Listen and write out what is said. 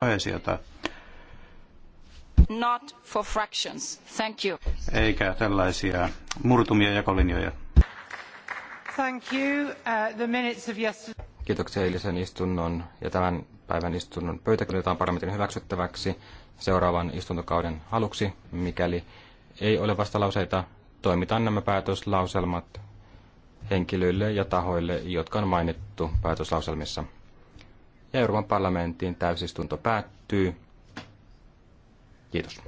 koesiota. Not for fractions. Thank you. Eikä tällaisia murtumia jakolinjoja. Thank you. Uh, the minutes of yesterday... Kiitoksia eilisen istunnon ja tämän päivän istunnon pöytäkirjataan parlamentin hyväksyttäväksi seuraavan istuntokauden aluksi. Mikäli ei ole vastalauseita, toimitaan nämä päätöslauselmat henkilöille ja tahoille, jotka on mainittu päätöslauselmissa. Euroopan parlamentin täysistunto päättyy. Kiitos.